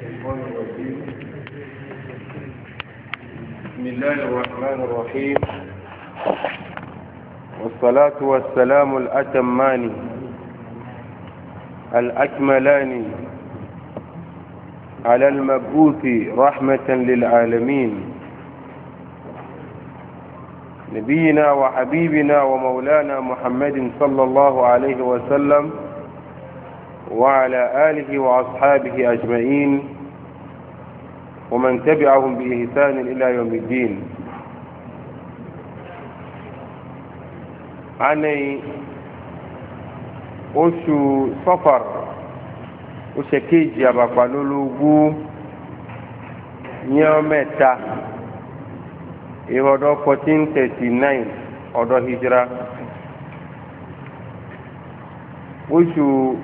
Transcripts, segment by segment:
بسم الله الرحمن الرحيم والصلاة والسلام الأتمان الأكملان على المبعوث رحمة للعالمين نبينا وحبيبنا ومولانا محمد صلى الله عليه وسلم وعلى آله وأصحابه أجمعين ومن تبعهم بإحسان إلى يوم الدين عني oṣù sọfar oṣù kejì àbàpàlólógún yẹn mẹta ìhọdọ fourteen thirty nine ọdọ hijira oṣù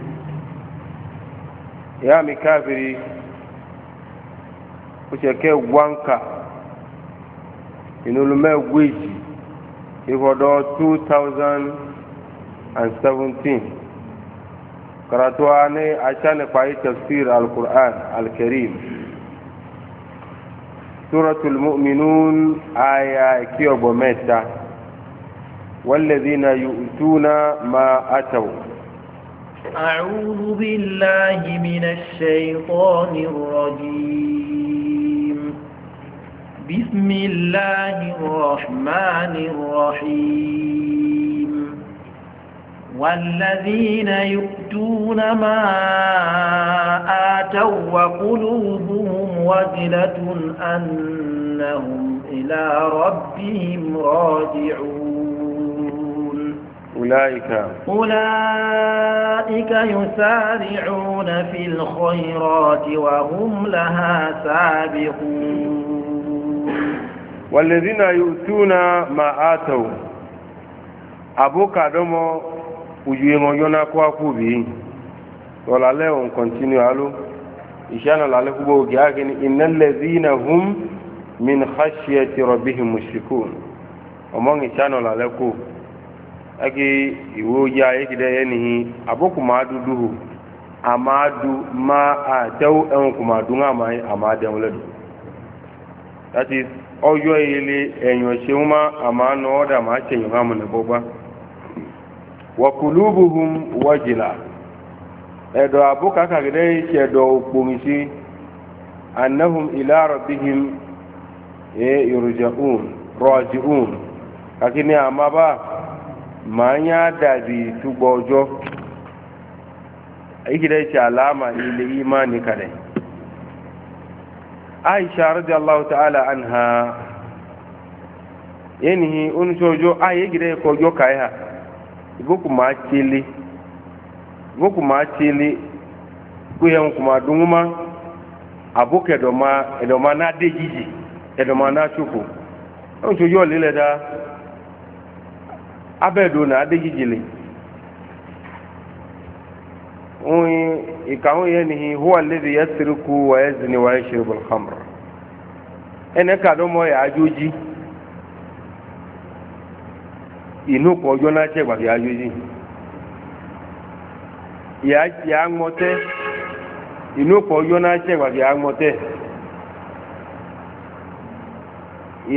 ya mi kafiri o ṣe kẹ wanka inolumẹ weji ifọdọ 2017 karatuwa ni acani kpayi tafsir alkur'an alkarim suratul mu'minun aya kiyogbo mẹta والذين يؤتون ما أتوا أعوذ بالله من الشيطان الرجيم بسم الله الرحمن الرحيم والذين يؤتون ما آتوا وقلوبهم وجلة أنهم إلى ربهم راجعون أولئك أولئك يسارعون في الخيرات وهم لها سابقون والذين يؤتون ما آتوا أبوك دمو ujuyengo yona kwa kubi wala leo continue alu ishana lale kubo gyagini innal ladhina hum min khashyati rabbihim mushrikun omongi chano lale kubo ake iwu ojii anyị kide ya n'ihi abụkụmadu duhu amadu ma a tewu enwukumadu nwa amaghị amadu enwuledu that is ọjọ ile enyo shewuma ama anọ ọda ma ache enyo ha mụna bọba wakulubuhum wajila ẹdọ abụka kagide iche ẹdọ okpomisi annahum ila rabbihim e yorùjẹ un rọjì un kakini amaba ma ń yá dàbí túgbọ́ ọjọ́ ikide ala ama ile imani kadai aisha radiyallahu ta'ala anha yanihi unisojo aye gida kojo kaiha iboku ma chili iboku ma chili kuyen kuma dunguma abuke doma edoma na dejiji edoma na chuku unisojo lile da abẹ́ẹ̀dọ̀ náà adéjìjìlè ohun ìkàwọn yẹn ni huwa lédè yẹ siriku wà yẹ zini wà yẹ ṣe bọlọkàmùrọ ẹnẹ kàdó mọ yẹ adójì inú kọ ọjọ́ náà tẹ gbàgbé adójì yà á ŋmọtẹ inú kọ ọjọ́ náà tẹ gbàgbé aŋmọtẹ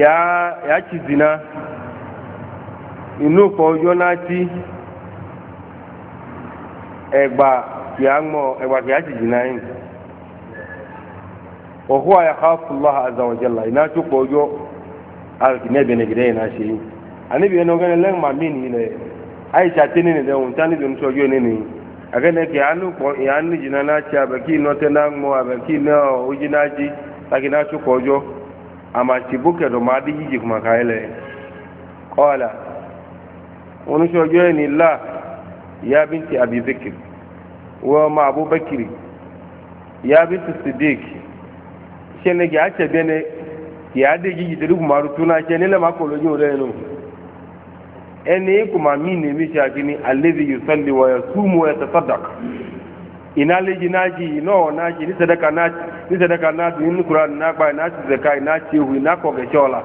yà á tsi zina inú kan ọjọ́ náà tí ẹgbà kì á mọ ẹgbà kì á sì jìnnà yìí ọ̀hún àyàká fúláhà àzàwọ̀jẹ̀là iná tó pọ̀ ọjọ́ alùpùpù ẹ̀bẹ̀ nìgídẹ́ yìí náà ṣe yìí àníbi ẹni ọgẹ́ni lẹ́yìn màmí nìyí lẹ̀ àyíṣà tẹ́ni nìyẹn òun tání tó ń sọ ọjọ́ nìyí àgẹ́ni kì á nù pọ̀ ìyá nì jìnnà náà ṣe àbẹ̀kí iná tẹ́ náà mọ àbẹ̀kí iná ojú náà jí láti náà tó pọ̀ ọjọ́ àmàṣìbókẹ̀dọ̀ máa dé yíjì kùmàkà yẹn lẹ̀ kọ́ àlà oníṣẹ́ ni ẹni là ya bíntì abibikir wọ́n ọmọ abubakir ya bíntì sidik ṣẹlẹ̀ gẹ̀ àṣẹbẹ́ni kìí adéjì jìdẹ̀rù kùmàrú tún náà ṣẹ nílẹ̀ máa kọ̀lọ́jú rẹ̀ nù ẹni kùmà mí ní mi ṣe àkíní alẹ́bí yóò sọ́lẹ̀ wọ̀nyẹ súnmù ẹ̀sẹ̀ sọ́dọ̀k iná léjì náà jì iná ọ̀ náà jì ní sẹ́dẹ̀ka náà dùn ní kúrò náà gbà iná ti zẹ̀ka iná ti hù iná kọ̀gẹ̀ṣọ́ la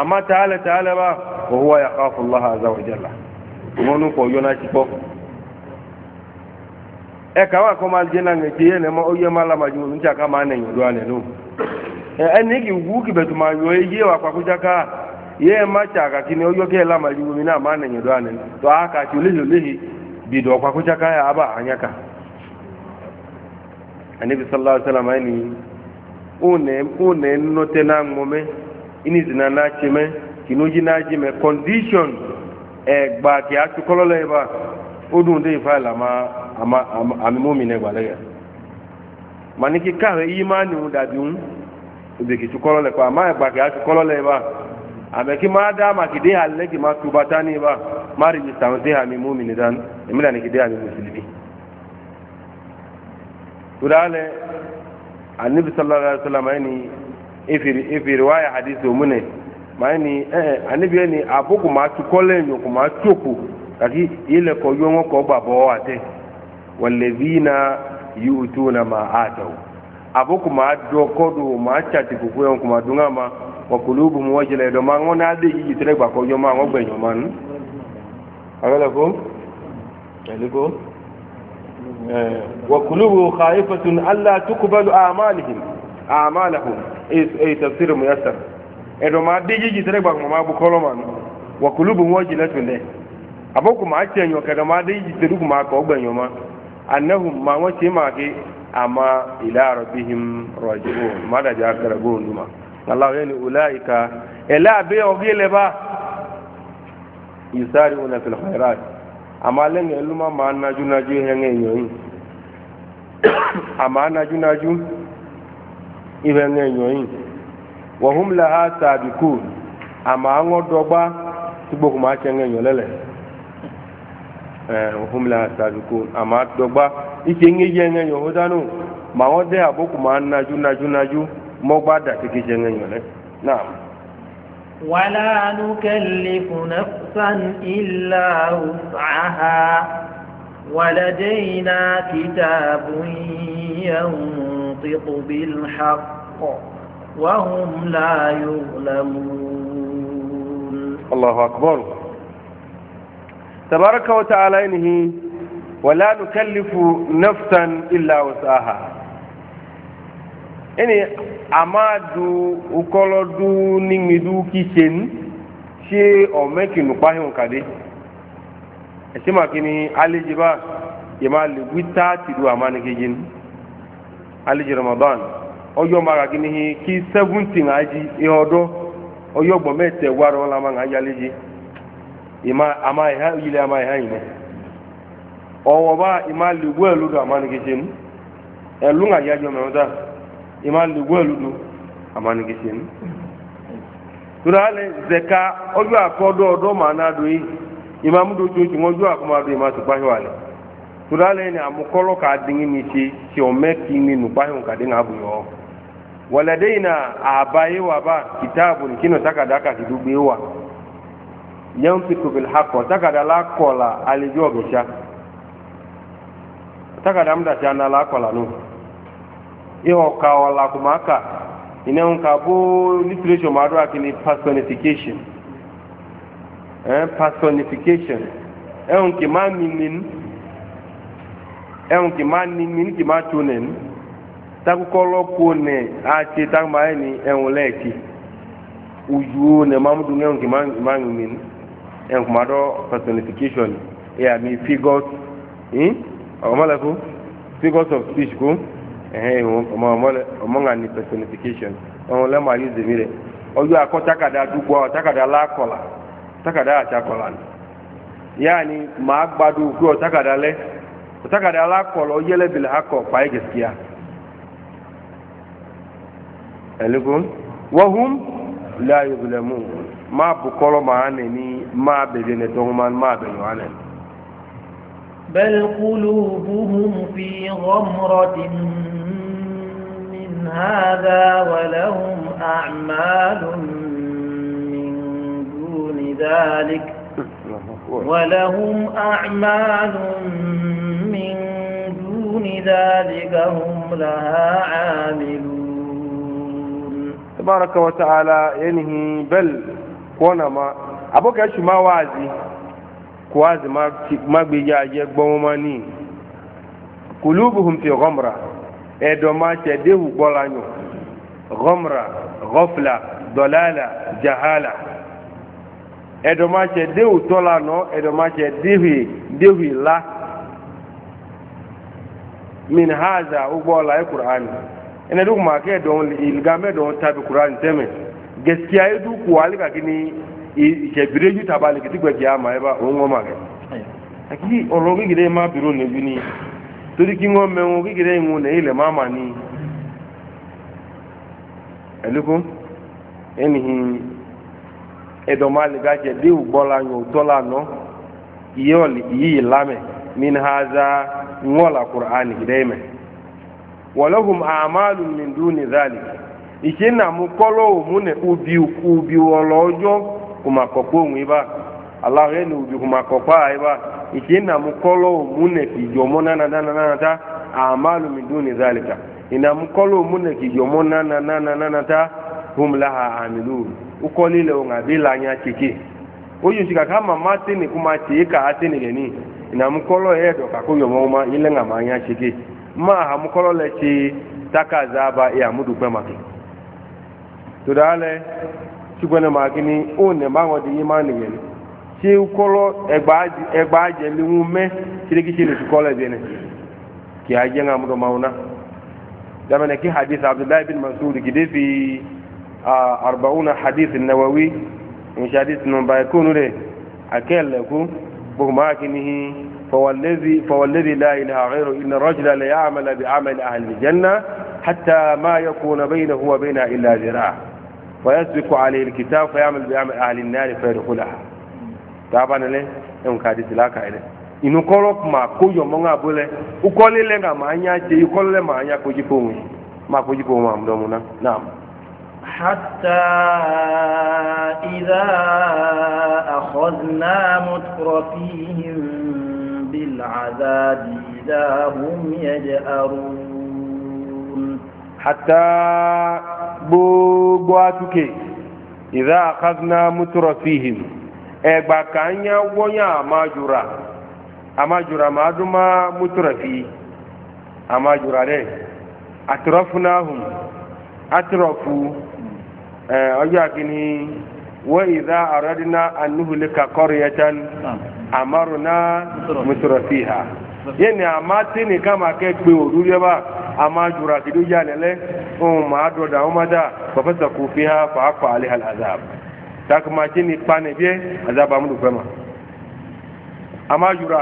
àmọ́ tààlẹ̀ tààlẹ̀ báà وهو يخاف الله عز وجل ومنو كو يونا تشكو e kawa ko mal jina nge tiye ne ma oye mala ma ju nta ka ma ne nyu dwale no e ani e ki wu ki betu ma yo e ye wa kwa kujaka ye ma cha ka kini oyo ke la ma ju mi na ma ne nyu dwale to aka ti le le bi do kwa kujaka ya aba anyaka anabi sallallahu alaihi wasallam ani une une no tena ngome ini zina na chime kinuji naji me condition e gba ki a tukolo le ba odun de fa la ma ama ami mu mi ne gba le mani ki ka imani u dabi un de ki tukolo le pa ma e gba ki a tukolo le ba ame ki ma da ma ki de halle ki ma tubatani ba ma register un de ami mu mi dan emi la ni ki de ami muslimi tudale annabi sallallahu alaihi wasallam yani ifiri e e ifiri waya hadithu mune maani ɛɛ anibi ɛni abo kò máa tu kɔlɛ nyɔ kò máa tsoko kaki ilẹ̀ kɔ yɔngɔ kɔ gba bɔ wa tɛ na yiwu tó na ma a dɔw abo kò máa dɔ kɔdu o máa tsa ti koko yɛn kò máa dun ka ma wa kolo bu mu wajɛlɛ dɔ ma ŋɔ n'a de yiyi tɛrɛ gba kɔ yɔ ma ŋɔ gbɛ nyɔ ma nu akɛlɛ ko ɛli ala tukubalu amalihim amalahum ee ee tafsir mu edo ma digi ji tere gbagbo ma bu koloman wa kulubu wo ji letu le aboku ma che nyo ma digi ji tere ma ko ma annahum ma wo che ma ama ila rabbihim raji'un ma da ja allah yani ulaika ila ba yusari'una fil khairat ama len eluma ma na ju henge ama na ju ibe wahum laha sabikun ama aŋɔ dɔgba tugbo kuma atsɛ ŋɛ nyɔ a ɛɛ wahum laha sabikun ama dɔgba itse ma ŋɔ de abo kuma nadu nadu nadu mɔgba da keke tsɛ ŋɛ nyɔ lɛ naam. wala وهم لا يظلمون الله أكبر تبارك وتعالى إنه ولا نكلف نفسا إلا وسعها إني amadu ukolodu nimidu kishen ṣe ọmọkinu pahihun kade ẹ̀ṣẹ́ makini alejiba yẹ ma lè wí tá tìlú àmánigéjì ní alejì ramadan ọyọ mara gini hi ki seventeen aji ihe ọdọ ọyọ gbọ mẹtẹ wara ọla ma ŋa yalé ima ama iha e yile ama iha e yinɛ ɔwɔ ba ima ligu ɛlu e do ama nike senu ɛlu ŋa ya jɔ mɛwɔ ima ligu ɛlu do ama nike senu tura alɛ zɛka ɔyɔ akɔdɔ ɔdɔ ma na do yi ima mu do tsotso ŋɔ ɔyɔ akɔma do ima tukpa yɔ alɛ tura alɛ ni amukɔlɔ ka di ni tse tse ɔmɛ kini nukpa yɔ ka di ŋa bu yɔ waladaina abayewa ba kitabun kino takada aka kidubiwa yanfiku bil haqqo takada la kola alijogesha takada mda chana la kola iho iyo kawala kumaka inaunka bo literature madu akini personification eh personification ehun ki maninin ehun ki maninin ki matunen takụkọ lɔko nɛ atsi takuma yɛ ni ɛŋu uju nɛ mamudu ŋɛ ŋu ma dɔ personification ɛyà mi figures ɛn ɔmɔ ko figures of speech ko ɛhɛn personification zemi rɛ ɔyɔ akɔ takada dugbɔ takada la kɔla takada kɔla ẹ̀lẹ́gùn wọ́hún láàyè ìgbìlẹ̀mú máa bù kọ́lọ́ máa nẹ̀ ní máa bẹ̀rẹ̀ ní tọ́hún máa máa bẹ̀rẹ̀ wá nẹ̀. bẹ́ẹ̀ kúlù búhùn fi rọ́mùrọ̀ dì من هذا ولهم أعمال من دون ذلك ولهم أعمال من دون ذلك هم لها عاملون tabaraka wa ta'ala yanihi bel kona ma aboka shi ma wazi ku wazi ma gbe ya je gbomo ma ni kulubuhum fi ghamra edo ma se dehu gbolanyo ghamra ghafla dalala jahala edo ma se dehu tola no edo ma se dehu dehu la min hadha ugbola alqur'ani e ina duk ma ke don ilgame don tabi qur'an teme gaskiya ya duk wali ka gini ke bire ju tabali ki tigwe kiyama eba o ngo ma ke aki oro gi gire ma biro ne juni tori ki ngo me ngo gi gire ngo ne ile mama ni eliku enihi edo mali ga je di ugbola nyo dola no iyoli yi lame min haza ngola qur'an gideime walahum a'malun min duni zalika ìṣe nà mú kọ́lọ́ òmùnẹ̀ ubi ubi ọ̀lọ́ ọjọ́ kùmàkọ̀pọ̀ òun ibà aláwọ̀ ẹni ubi kùmàkọ̀pọ̀ àìbà ìṣe nà mú kọ́lọ́ òmùnẹ̀ ìjọmọ́ nánadánadánadá a'malun min duni zalika ìnà mú kọ́lọ́ òmùnẹ̀ ìjọmọ́ nánadánadánadá hum laha amilun ukọ́lé lẹ́wọ̀n àbí lànyà kéke oyin sika ká màmá tẹ́nì kó máa tẹ́ ká tẹ́nì lẹ́ni ìnà mú kọ́lọ́ ẹ̀ẹ́dọ̀ kàkó yọmọ́ ma hamukɔlɔ le tsi taka zaba ye amudugbɛ ma to da alɛ sugbɛnɛ ma kini o nɛ ma ŋɔ di yi ma nìyɛn tsi kɔlɔ ɛgba adzɛli ŋu mɛ tsilikitsi le tukɔ lɛ biɛnɛ kì í adze ŋa mudɔ ma wona dàmɛnɛ kí hadith abdullahi bin masoud gidi fi arba'una hadith nawawi nṣe hadith nù bàyìí kónú rɛ akẹ́ lẹ́kú gbogbo ma kini hi. فوالذي فوالذي لا إله غيره إن الرجل ليعمل بعمل أهل الجنة حتى ما يكون بينه وبينها إلا ذراع ويسبق عليه الكتاب فيعمل بعمل أهل النار فيدخلها طبعا ليه يوم كادس لاك إليه inu kɔlɔ kuma ko yɔmɔ ŋa bolo ukɔli lɛ nga maa nya tse ukɔli lɛ maa nya kodzi ko ŋu maa ko na naam. حتى إذا أخذنا مترفيهم بالعذاب إذا هم يجأرون حتى بوغواتك إذا أخذنا مترفيهم ẹgbà kan yẹn wọ́nyà àmájúra àmájúra máa dún máa mútúrẹ̀fì àmájúra rẹ̀ àtúrọ̀fù náà hùn àtúrọ̀fù ọjọ́ àkínní. وإذا أردنا أن نهلك قرية أمرنا مترفيها yẹni àmà tí nìkan máa kẹ́ pé òrùlé bá a máa jùrà kìdó yà lẹ́lẹ́ ohun máa dọ̀dà ó máa dà pọ̀fẹ́sà kò fi hàn fàáfàá alẹ́ àzàb takuma tí ní panẹ̀ bí àzàb amúlùfẹ́ ma. a máa jùrà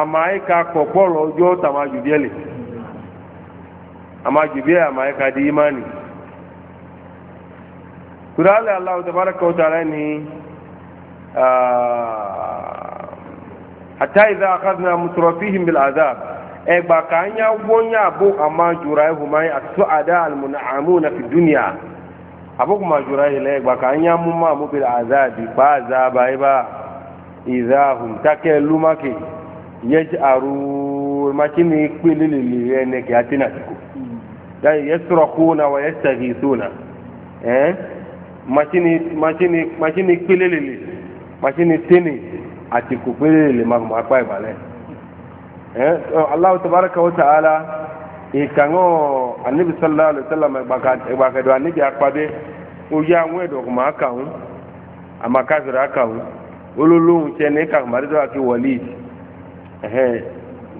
àmà ẹ̀ka kọ̀kọ́ rọ̀ ọjọ́ tàmájú bí ẹ̀lẹ̀ àmà jù bí àmà ẹ̀ka di imáni turale allah tabaraka wa ta'ala ni hatta idha akhadna mutrafihim bil adhab e ba kanya wonya bo ama jurai humai asuada al mun'amuna fi dunya abu kuma jurai le ba kanya mumma mu bil azabi ba za ba ba idha hum takalumaki yaj'aru makini kwilili ene ke atina tiko hmm. dai yasraquna wa yastaghithuna eh machine machine machine pelelele machine teni àti kò pelelele ma ma pa ìbàlẹ̀ eh allah tabaraka wa ta'ala e ikango anabi sallallahu alaihi wasallam baka baka do anabi apade o ya won edo ko ma ka hun ama kazira ka hun ololohun che ne ka ma do aki wali eh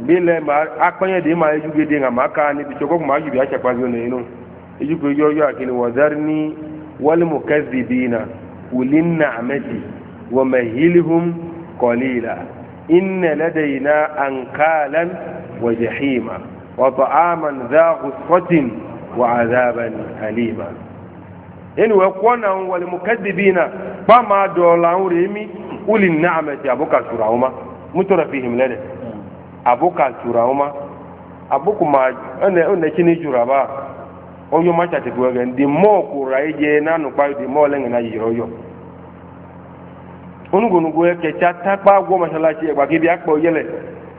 bile ma akpanye de ma ejugede nga ma ka ni bi choko ma yubi acha pa zo ne no ejugo yo yo akini wadarni والمكذبين أولي النعمة ومهلهم قليلا إن لدينا أنكالا وجحيما وطعاما ذا غصة وعذابا أليما إن وقونا والمكذبين فما دولان ريمي أولي النعمة أبوك سرعهما متر فيهم لدي أبوك سرعهما أبوك ما أنا أنا كني جرابا oyo macha te bwe ndi mo kura ije nanu pa di mo lenga na yiro yo ungunu gwe ke chata pa gwo masala chi gwa gi biak bo yele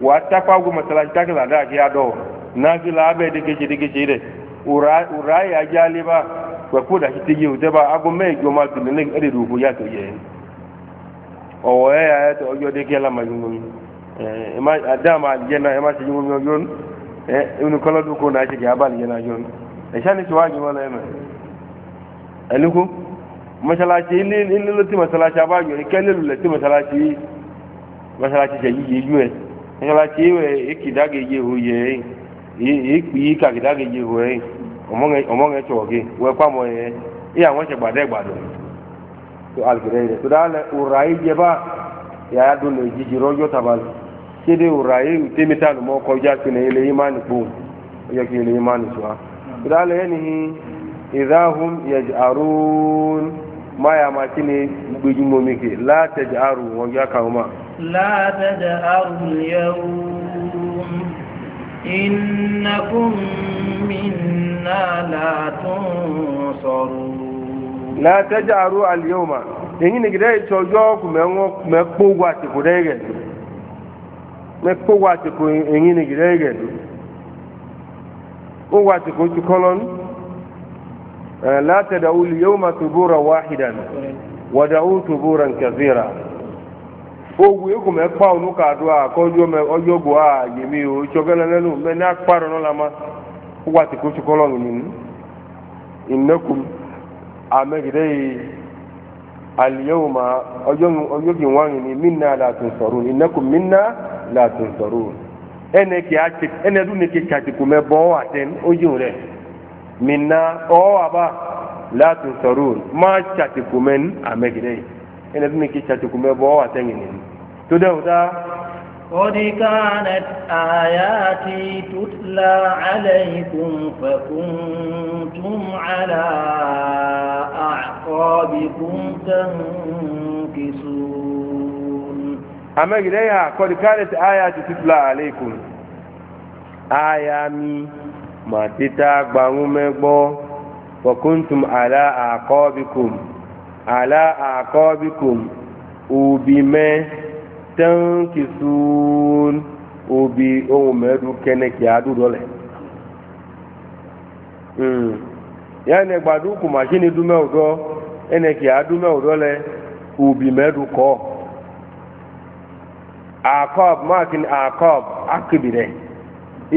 wa ta pa gwo masala chi takla da gi ado na gi la be de gi di gi chi de ura ura ya jali ba kwa kuda hiti yi ute ba agu me gwo e, e, e, ma tu nene ede du gwo ya to ye owo e ya to yo de gela ma yungun ema adama aljena ema si yungun yo yon e unu kolo du ko na chi gi abal yena yon e ẹ̀ṣẹ́ ní ṣíwájú wọn lẹ́mẹ̀ ẹ̀nukú mọ́ṣáláṣí ilé ló tí mọ́ṣáláṣí abájọ ìkẹ́lẹ̀ lulẹ̀ tí mọ́ṣáláṣí mọ́ṣáláṣí ṣe yíyẹ yú ẹ mọ́ṣáláṣí ewé èkìdágéje hù yẹ èkpì yí kàkìdágéje hù ẹ ọmọŋẹ tsọ̀gé wọ ẹkọ àmọ yẹ ẹ àwọn ṣe gbàdẹ gbàdọ tó alùpùpù yẹ tó dáa lẹ òrà yìí jẹ bá yàrá dùn lè قال ينهي إذا هم يجأرون ما يا ماتيني بجمو ميكي لا تجأروا وجاك وما لا تجأروا اليوم إنكم منا لا تنصرون لا تجأروا اليوم èyí ni gidẹ́ ìtọ́jọ́ mẹ́kpó wa ti kò dẹ́gẹ̀dù mẹ́kpó wa ti kò èyí ni gidẹ́ gẹ̀dù ó wà tí kò tí kọ́lọ́n látẹ̀dà olè yóò máa tòbóra wáhìdàn wàdà ó tòbóra nkàzíra ogun yìí kò mẹ́ pa ònú kàdó àkọ́jọ́ mẹ́ ọjọ́ bò á yèmí o ìṣọ́gẹ́lẹ́ lẹ́nu mẹ́ ní apárọ̀ náà lamá ó wà tí kò tí kọ́lọ́n nínú ìnákùn yìí àlìyẹ́wò máa ọjọ́ kí wọ́n rìn ní mí náà látùn sọ̀rọ̀ ìnákùn mí náà látùn sọ̀rọ̀ ene ke ati ene du ne ke kati kume bo aten ojure minna o aba la tusarun ma kati kumen amegire ene du ne ke kati kume bo aten ni to da uda قد كانت آياتي تتلى عليكم فكنتم على أعقابكم تنكسون amma gidan ya kwadikalit aya ti tutula alaikun aya mi ma tita gbanwu megbo wa kuntum ala aqabikum ala aqabikum ubi me tankisun ubi ohun medu kene ki adu dole mm yani gbadu kuma shini dume odo ene ki adu me odo le ubi medu ko akọb makin akọb akibire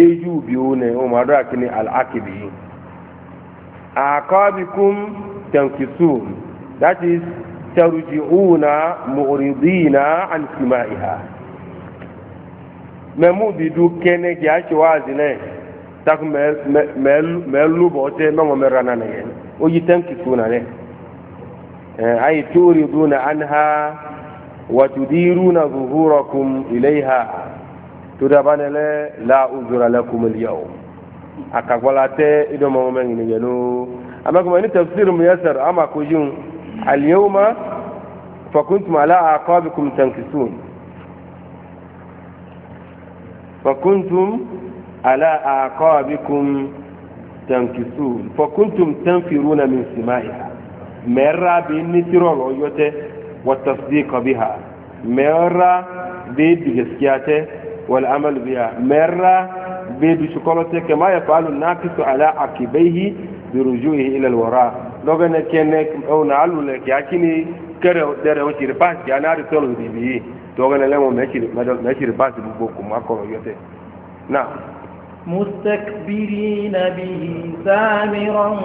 eju bi une umaru akini al akibi akabikum tankisun that is tarji'una mu'ridina an simaiha memu bidu kene ki achi wazine tak na mel melu bote no na ne o yitan kisuna ne eh, na an ha وتديرون ظهوركم إليها تدبان لا أذر لكم اليوم أكاكولات إدو مومن نجلو أما كما تفسير ميسر أما كجون اليوم فكنتم على أعقابكم تنكسون فكنتم على أعقابكم تنكسون فكنتم تنفرون من سمائها مرة بإني ترون والتصديق بها مرة بيد جسكياته والعمل بها مرة بيد شكولته كما يفعل الناقص على عقبيه برجوعه إلى الوراء لغنا كنك أو نعلم لك يعني كره دره وشير باس جانا أرسل بيبيه لغنا لما مشير باس ببوكم أقول يوته نعم مستكبرين به سامرا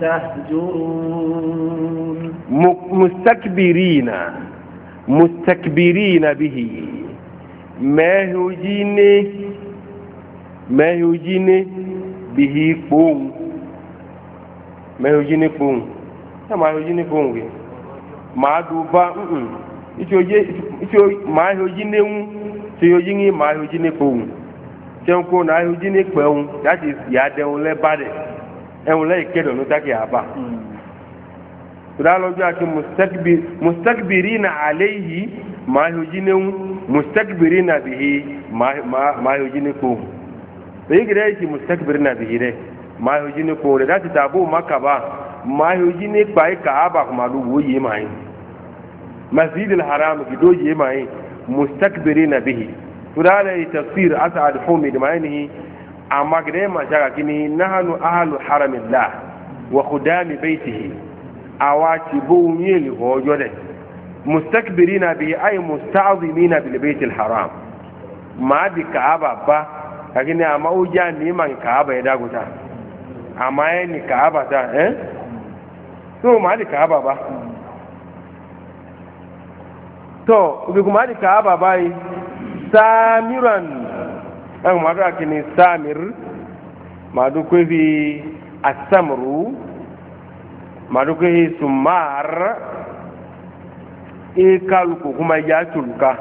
تهجرون mustakbirina mustakbirina bihi mehujine mehujine bihi kpohun mehujine kpohun ṣe ma hujine kpohun ge ma duba mm ma hujine ń ṣe hujine ma hujine kpohun ṣe ń kó na hujine kpohun that is yàdẹ̀hun lẹ́bàdẹ̀ ẹ̀hun lẹ́yìn kẹ́dọ̀ ló dákẹ́ àbá turalojo ake mustakbirina alayhi ma hujine mustakbirina bihi ma hujine ko to yi gida yake mustakbirina bihi re ma hujine ko da ta tabu maka ba ma hujine pai kaaba kuma du woyi mai masjidil haram ki doji mai mustakbirina bihi turale tafsir asad humid mai amma gida ma shaka kini nahnu ahlu haramillah wa khudami baitihi awati bowun yeli hojo de mustakbirina bi ay musta'zimina bil bayt al haram ma bi kaaba ba lakini ama uja ni man kaaba ya daguta ama ye ni kaaba ta eh so ma di kaaba ba to bi kuma di kaaba ba yi samiran ma da kini samir ma du ko bi asamru maduke hi sumar e ikaluku kuma ya tulka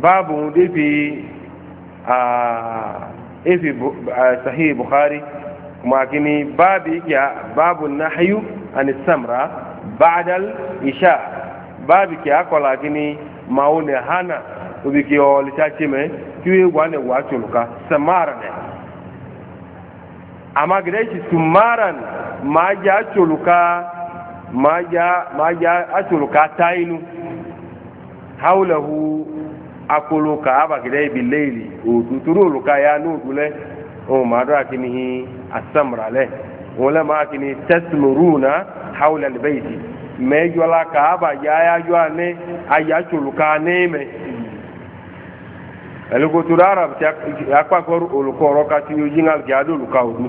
babu ifi ifi sahih bukhari kuma kini babi ya babu nahyu an samra ba'dal isha babi ki akola kini maune hana ubiki olichachime kiwe gwane wa tulka samara ne gidaishi sumaran máa jẹ́ àtsòlùkà máa jẹ́ tainu, táyinu akuluka akoloka abagidɛ ibi leeli odu ya n'odu lɛ ɔn maa dɔ akini asamra lɛ wọn lɛ maa akini tɛsimuruna hawula libɛyiti mɛ jɔla ka abadza ayajɔ ane ayatsoluka ane mɛ ɛlɛkotodo arab ti akpakɔ olukɔrɔ kati yojin alikiado oluka odu.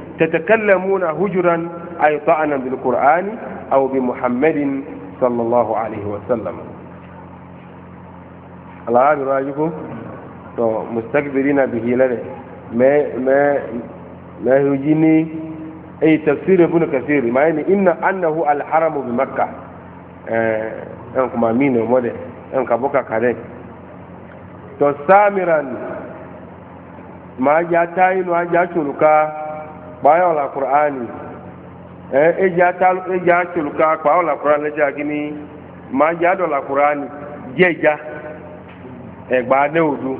تتكلمون هجرا أي طعنا بالقرآن أو بمحمد صلى الله عليه وسلم الله عز مستكبرين به لذي ما ما ما يجيني أي تفسير ابن كثير ما يعني إن أنه الحرم بمكة آه، أنكم أمين ومدى أنك بكا كذي تسامرا ما جاتاين وجاتوا kpaayɔ la kur'ani ɛ edzi ata edzi atsoluka kpaayɔ la kur'ani edzi agini maa dza dɔ la kur'ani dze dza ɛgba ne o do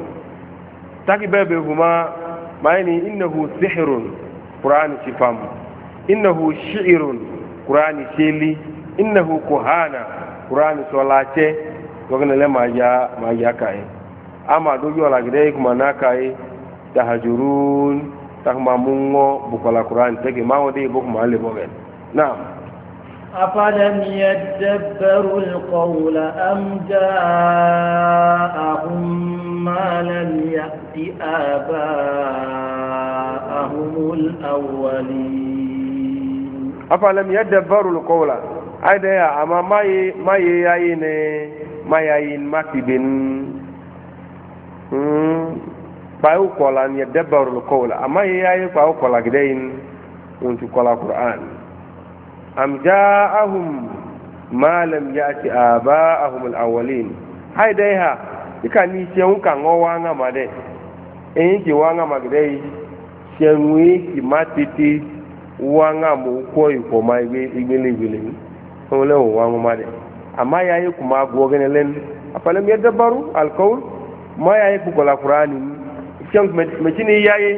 taki bɛɛ bɛ hu ma maa yi ni inahu sihirun kur'ani si fam inahu shiirun kur'ani seeli inahu kohana kur'ani sɔlaacɛ wɔgɛnɛ lɛ maa dza maa dza ka ye ama do yɔ la gɛdɛ kuma na ka ye tahajurun takuma mungo bukola Qur'an tege mawo de bok male bogen na'am afalam yadabbaru alqawl am ja'ahum ma lam ya'ti aba'ahum alawwalin afalam yadabbaru alqawl aida ya ama maye maye yayi ne mayayin matibin mm kpawo kɔla ni dabarul kɔla ama ye aye kpawo kɔla gidɛ yin wontu kɔla qur'an am ja'ahum ma lam ya'ti aba'ahum al-awwalin hay dai ha ika ni seun ka ngo wa nga ma de en ki wa nga ma gidɛ yi seunwi ki matiti wa nga mu ko yi ko ma igbe igbele igbele o le wa ma de ama ye aye kuma gwo len afalam yadabbaru al-qawl ma ye aye kpawo qur'an kyɛn mɛkyini yaye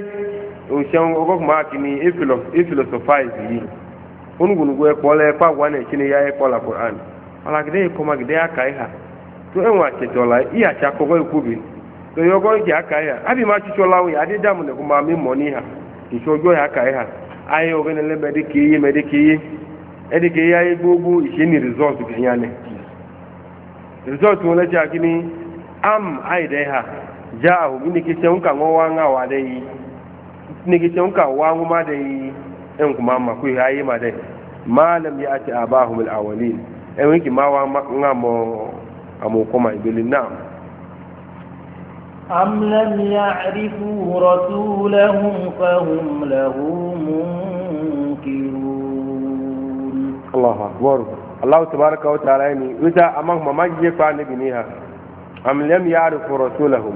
ohyɛn ɔkɔkuma kini efilo efilosofaiz yi onugunugu ɛkpɔlɛ ɛkpa wa na ɛkyini yaye kpɔla koran alagide kɔma gide e aka yi ha to e ɛwɔn akyɛtɔla iya akyɛ akɔkɔ eku bi to e yɔkɔ gye aka yi ha abi ma tsitsɔ la woyi adi dam ne ko ma mi mɔ ni ha tsitsɔjɔ aka ha ayɛ ɔbɛnɛ lɛ mɛ keye mɛ ɛdi keye am ha. jaahu iniki sɛn ka ŋɔ waa ŋa waa de yi iniki sɛn ka waa ŋuma de yi ɛn kuma ma ko ayi ma de maalam ya ati abahum awalin ɛn wiki ma waa ŋa mɔ amu kɔma ibili naam. أم لم يعرفوا رسولهم فهم له منكرون الله أكبر الله تبارك وتعالى إذا أمام ما يجي فعل بنيها أم لم يعرفوا رسولهم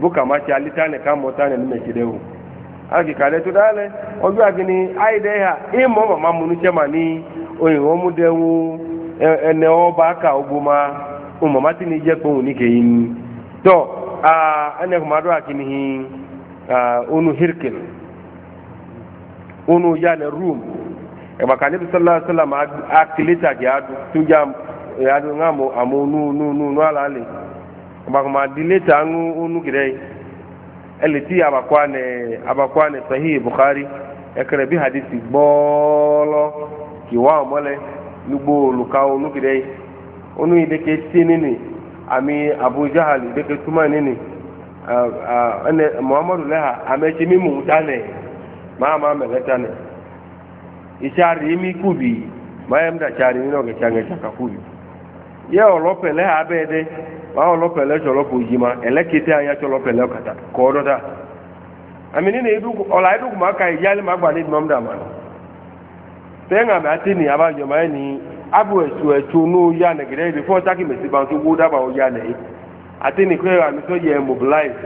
buka mace alita ne kan mota ne mai kide wu aki kale to dale oju agini aide ha imo mama munu chema ni oyin o mu de wu ene o ba ka oguma o mama ti ni je ko ni ke yin to a ene ko madu akini hi onu hirkil onu ya ne room e ba kale bi sallallahu alaihi wasallam akilita ki adu tujam ya adu ngamo amonu nu nu nu ala ale makoma dile ta ŋu ŋu gidɛ eleti abakwane abakwane sahi bukhari ekele bi hadisi gbɔɔlɔ kiwa ɔmɔlɛ nugbo oluka ŋu gidɛ onu yi deke tie nini ami abujahali deke tuma nini ɛnɛ muhammadu lɛha amɛtsi mimu mu ta nɛ maa maa mɛlɛ ta nɛ isaari mi kubi ma yɛ mu da saari mi na ɔkɛ tsa ŋɛ tsa ka kubi yɛ ɔlɔpɛ lɛha abɛ maa ọlọpẹlẹ tsọlọpọ yima ẹlẹkete anya tsọlọpẹlẹ kata kọọdọ ta ami nínú eduku ọlà eduku ma ka ìyáálé ma gba ma mọ́mú dàmà sẹ́yìn àmì àti ní abájọ máa ní abu ẹ̀sùn ẹ̀tún ní oyá nàgẹ́dẹ́ ibi fún ọtákì mẹ̀sì bá ń tó wó dábàá oyá nẹ̀ yìí àti ní pé àmì tó yẹ mobilize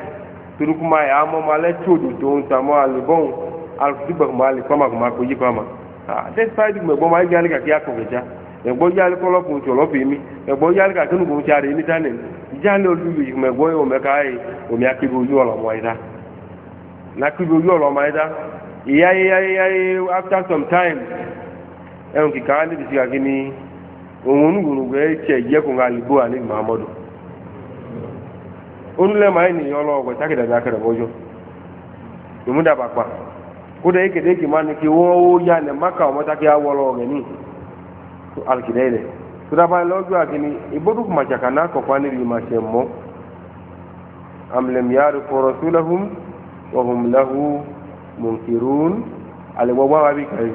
torípé máa yà á mọ́ máa lẹ́ tó dòdò ń ta mọ́ àlùbọ́n alùpùpù gbàgbọ́n alùpùpù máa kò yí pàmà àti ẹ̀sùn ẹgbọ́ yáli kọlọ́kùn tsọ̀lọ́ fi mi ẹgbọ́ yáli kàkínú kò tsi àdéhìn níta nìyẹn yáli olúlu yìí mẹgbọ́ yìí òmẹka yìí òmì akébi ojú ọlọmọ yìí dá n'akébi ojú ọlọmọ yìí dá ìyá yìí yá yìí yá yìí after some time ẹ̀hún kìkà á níbi sika kìíní òun onugbònugbò ẹ̀ tsẹ̀ yẹ kó ŋa libo àní mahamadu onulẹ̀ mayẹ̀ nìyẹn ọlọ́wọ́ sákèdàbí akẹrẹ alkidele tudaba lɔju akini ibodu kuma caka n'a kɔkɔ ani bi ma se mɔ amlɛm yaari kɔrɔ sulahum wahum lahu munkirun ale wa waa bi kayi.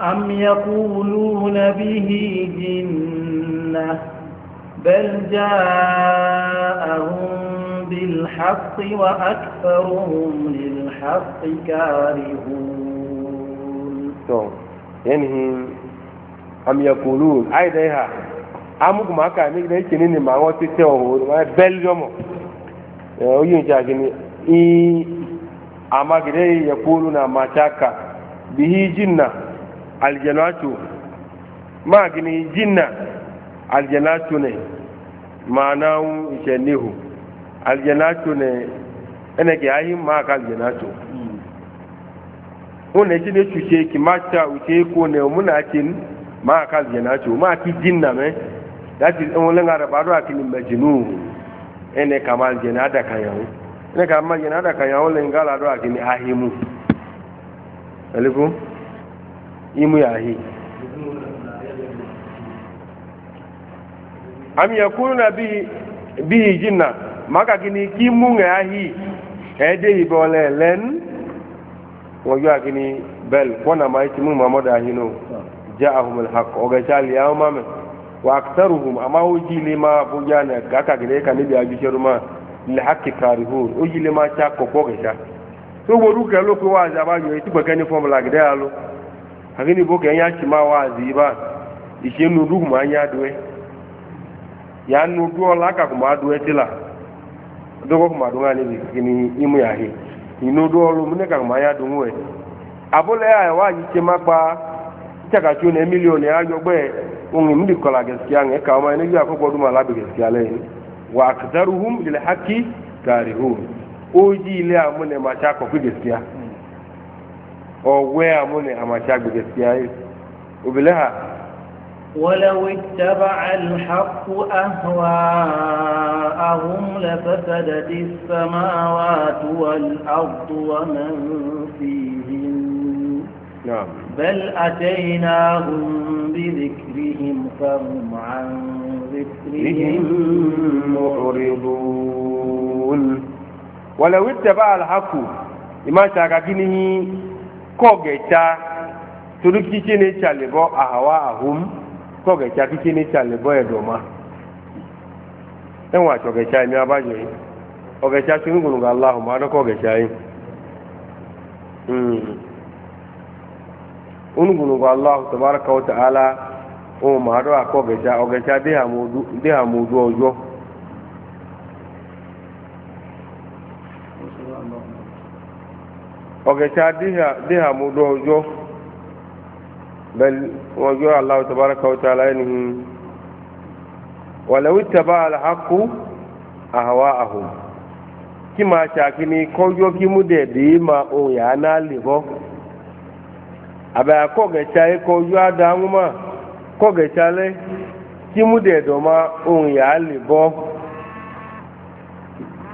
am yaquluna bihi jinna bal jaa'ahum bil haqqi wa aktharuhum lil haqqi am yakulun ai dai ha amugu maka ni dai kini ni ma won ti te o ma belgium e o yin ja gini i amagire na machaka bihi jinna aljanatu ma gini jinna aljanatu ne ma'anawu ishenihu aljanatu ne ene ke ayi maa ka aljanatu mm. une chine chuche kimacha uche ko ne muna chin ma ka jena cho ma ki jinna me that is on lenga ra baro akini majnun ene kamal jena da kan yawo ene kamal jena da kan yawo lenga la do akini ahimu alifu imu ya hi am yakuna bi bi jinna maka kini kimu nga hi ede ibole len wo yo akini bel kona mai timu mamoda hinu ah. جاءهم الحق وقال يوما من واكثرهم اما وجي لما بوجانا كاكا غريكا نبي اجيرما للحق كارهون وجي لما تشاكو كوغشا سوغو دوكا لوكو واجا باجو يتبا كاني فورمولا غدالو هغني بوكا ياشي ما وازي با يشينو دوك ما يادوي yanu duo laka kuma duwe tila dogo kuma dunga ni kini imu yahi inu duo lu mune ka kuma ya dunwe ya yi chaka chu ne milioni ajo gbe ungi mdi kola gaskiya ne ka ma ne ya ko bodu ma labi gaskiya le wa aktharuhum lil haqqi karihun oji ile amune ma cha ko gaskiya o we amune ama cha gaskiya yi ubilaha ولو اتبع الحق أهواءهم لفسدت السماوات والأرض ومن فيهن نعم بل أتيناهم بذكرهم فهم عن ذكرهم معرضون ولو اتبع الحق إما شاكاكينه كوغيتا تلوكي كيني شالبو كوغيتا كيني شالبو يدوما ẹwọn àti ọgẹ̀ṣà ẹ̀mí abájọ yìí aláhùn máa yìí unugunugu allahu tabaraka wa ta'ala o maado ako geja o geja de hamudu de hamudu ojo o geja de hamudu ojo bal tabaraka wa ta'ala ni ولو اتبع الحق أهواءهم abaya kɔgɛtsa yi kɔyɔ adaŋu ma kɔgɛtsa lɛ timu de dɔ ma ohun ya le bɔ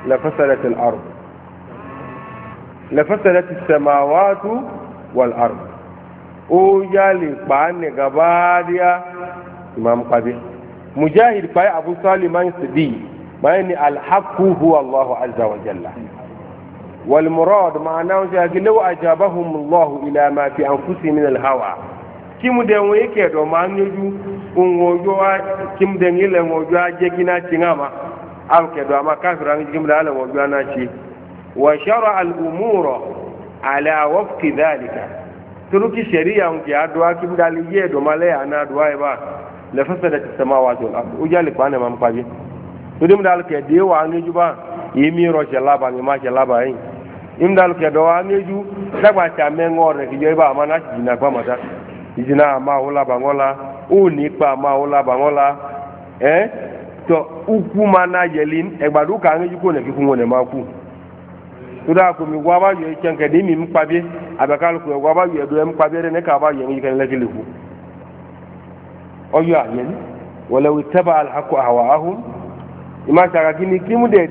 lɛfɛsɛlɛti aro lɛfɛsɛlɛti sɛmawaatu wal aro o ya le kpaa ne gabaadiya imam kpabi mujahid kpaa abu salim man sidi maa yi ni alhaku huwa allahu azza wa والمراد معناه ذلك لو أجابهم الله إلى ما في أنفسهم من الهوى kim den wo yake do ma nyoju ungojo a kim den ile ngojo a je kina tingama am ke do ama kafira ngi kim dala ngojo na chi wa shara al umura ala wafqi dhalika turuki sharia ngi adwa kim dali ye do male ana adwa ba la fasadat as samawati wal ard ujali bana mam paje tudim dal ke de wa nyoju ba yimi ro je laba ni ma je laba yin imdal ke do ameju dagba cha me ngore ki yoba mana jina kwa mata jina ma ola bangola uni pa ma ola bangola eh to ukwu mana yelin egbadu ka ameju ko ne ki kun wona ma ku to da ko mi gwa ba yo chen ke dimi abakal ka ba yo ni kan lagi liku oyo ayen ittaba al haqu ahwaahum kini kimu de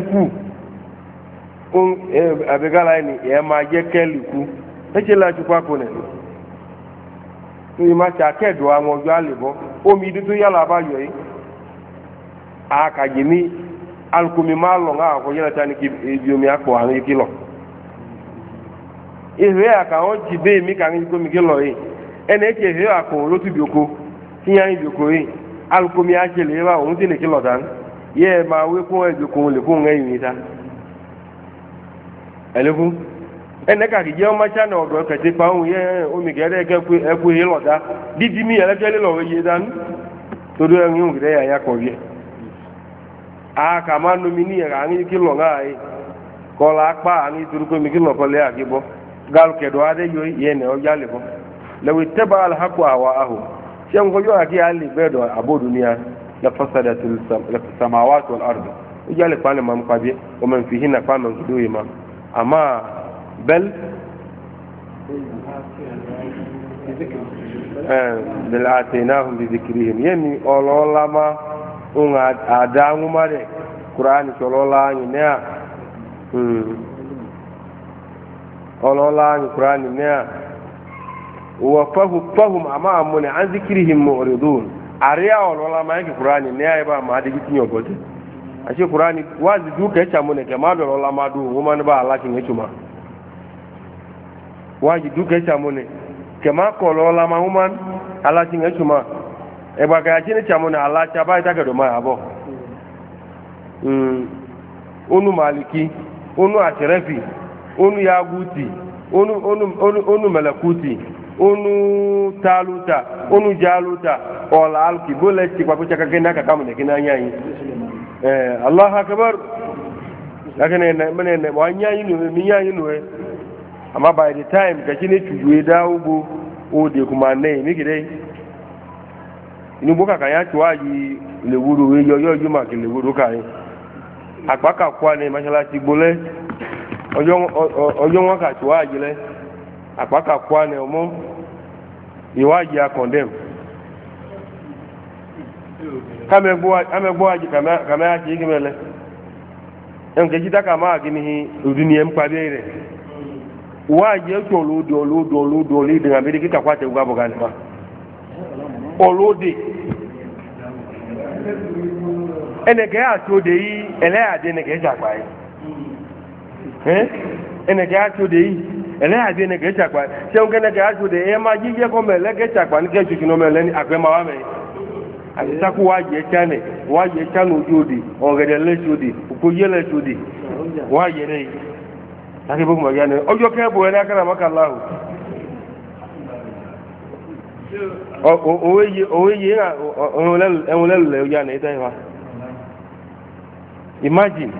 ku kun abigala ni ya ma je keliku eje la ju ma ta kedo awon ojo alebo omi ya yala ba yo yi aka jimi alkumi ma lo nga ko yala tani ki bi omi an lo ihe aka o ji be mi ka ni ko mi ki lo yi ke he ako lo tu bi oko ti yan bi oko yi a je le ba o ti le ye ma we ko e ju le ko ngai elegu ene ka gi jeo macha na ogo ka ti paun ye o mi gere ke ku e ku hilo da didi mi ele gele lo ye dan to do en yun gere ya ya ko ye a ka ma no mi ni ya e ni ki lo ngai e. ko la pa ni duru ko mi ki lo ko le agi bo gal ke do ade yo ye ne o jale bo law ittaba al haqu awaahu shan ko yo agi ali be do abo duniya la fasadatil samawati wal ardi ijale pale mam kwabi o man fihina kwa man kidoyi mam amma bel eh, bel atenahum bi zikrihim yemi ololama unga adamu mare qur'ani solola nyinea mm olola qur'ani nyinea wa fahu fahum ama amune an zikrihim mu'ridun ariya olola ma yake qur'ani nyinea ba ma de gitinyo bote ashe qur'ani wazi duka yacha mun ke ma doro la ma du wo man ba ala kin yachu ma wazi duka yacha mun ke ma ko lo la ma ala kin yachu ma e ba ga yachi ne cha mun ala cha ba ita ga do ma abo mm onu maliki onu atrefi onu yaguti onu onu onu, onu malakuti onu taluta onu jaluta ola alki bole ti kwa kucha kaka kakamu ne kinanya yi eh allah akbar lakini ne mene ne wanya yinu minya yinu amma by the time ka kine tujuwe dawo bo o de kuma ne mi gide inu boka kan ya tuwa yi le wuru we yo yo yuma ke le wuru kai apaka kwa ne mashala ti gbole ojo ojo won ka tuwa yi le apaka kwa ne omo iwaji a condemn kamegboaji kamea ka igi mele e nke jita e ka ma gini hi udini mkpabi ire waji eki oludi oludi oludi oludi na mbidi kika kwate ugwa bugani ma oludi enege ati ode yi eleade enege eji agba yi enege ka ode yi eleade enege àti sákó wá yẹ chánẹ wá yẹ chánẹ ojú òde ọ̀gẹ̀dẹ̀ lẹ́sí òde òkú yẹ lẹ́sí òde wá yẹ rẹ̀ yìí láti bó kùmọ̀ yánẹ ọjọ́ kẹ́bù ẹ̀ lákàrà mọ́kànláhù òwe yìí ẹ̀hún lẹ́lẹ̀ yánẹ ìtẹ́ ìwá imagine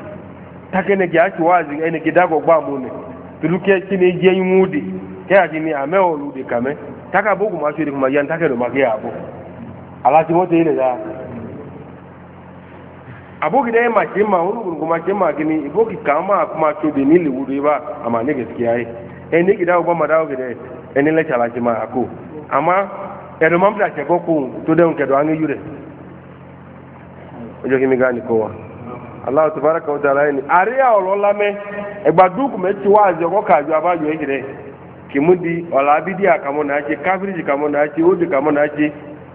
takẹ́nẹ̀kì àti wáàzì ẹnìkì dákọ̀ gbà mú nẹ̀ tìlúkẹ́ kí ni jẹ́ imú òde kẹ́ àti ni àmẹ́ ọ̀lù òde kàmẹ́ takàbó kùmọ̀ àti òde kùmọ̀ yánẹ takẹ́ alati wote ile da aboki dai ma ke ma wani kuma ke ma gini iboki kama kuma to bi ni liwudu ba amma ne gaskiya yi eh ne gida ba ma dawo gida eh ne lati alati ma ako amma edo mam da ke goku to da unke do an yure ojo kimi gani kowa allah tabaraka wa taala ni ariya olola me egbaduku me ti wa ajo ko ka ju abajo egire kimudi olabidi akamo na aje kafiriji kamo na aje odi kamo na aje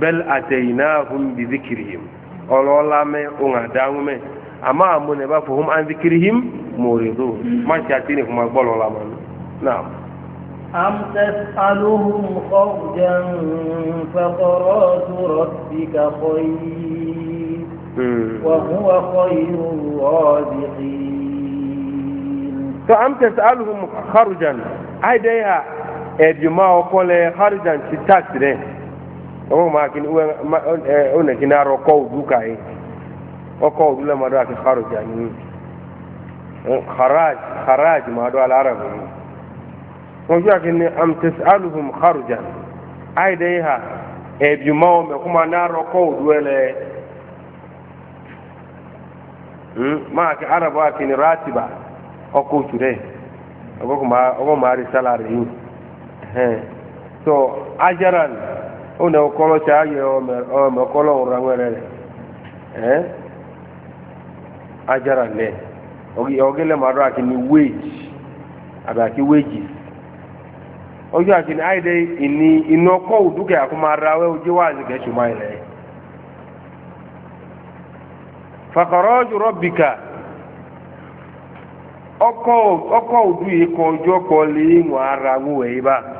bel atainahum bi dhikrihim olola me unga dangu me ama amune ba fuhum an dhikrihim muridu ma chatini kuma bolola man naam am tas'aluhum khawjan faqaratu rabbika khayr hmm. wa huwa khayrul raziqin to am tas'aluhum kharjan aidaiha ejuma okole kharjan ci Ọ maa kini uwe ọ na kini arọ kọ odu ka Ọ ọkọ odu la madu do aki xaro ja ni xaraj xaraj ma do ala arabu ni wọn fi aki ni am tes aluhum xaro ja ayi de ha ebi ma o mɛ kuma na arọ kọ odu lɛ maa ki arabu aki ni ratiba ọkọ Ọ dɛ ọkọ ọ ọkọ maa ri salari yi so ajaran. ona ọkọlọ tsa ayọ ọmọ ọkọlọ ọrọ àwọn ẹrẹ rẹ ẹ adzara lẹ ọgẹlẹ ma dọ akini wage abe aki wages ọjọ akini ayide ìní iná kọ òdúkẹ àkọmọra wẹ ojú wa azẹ kẹsùn máa yẹlẹ fakọrọ jùlọ bìkà ọkọ òdú yìí kọjọ kọ lè ń ara ń wẹ̀ yìí báyìí.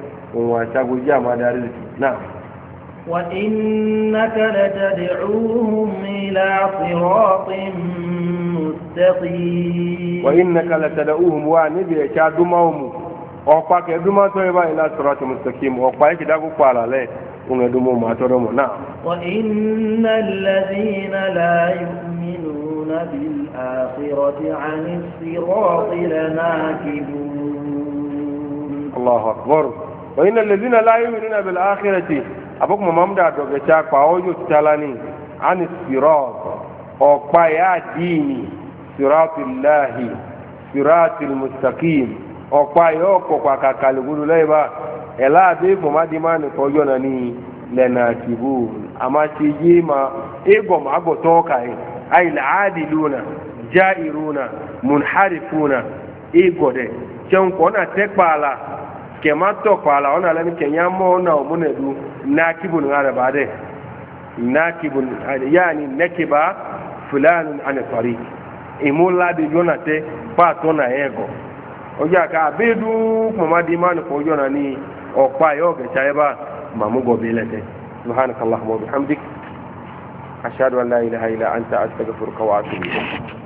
نعم وإنك لتدعوهم إلى صراط مستقيم وإنك لتدعوهم وانبي يشادمهم أقاك يدما تويبا إلى صراط مستقيم أقاك داكو قال لي نعم وإن الذين لا يؤمنون بالآخرة عن الصراط لناكبون الله أكبر وإن الذين لا يؤمنون بالآخرة أبوكم ممدع دوغتا قاوجو تتالاني عن الصراط أقبايا ديني صراط الله صراط المستقيم أقبايا أقبايا كاكالغولو ليبا إلا بيكو ما ديماني قوجوناني لناكبون أما تيجيما إيقوم أبو توكاي أي العادلون جائرون منحرفون إيقو دي شنكونا تكبالا kema to kwala ona la ni kenya mo na o mune du nakibun ngara bade nakibun yani nakiba fulanun an tariq imula de jonate pa to na ego oja ka abedu mama di man ko jona ni o pa yo ke chaiba mamu go belete subhanakallahumma wa bihamdik ashhadu an la ilaha illa anta astaghfiruka wa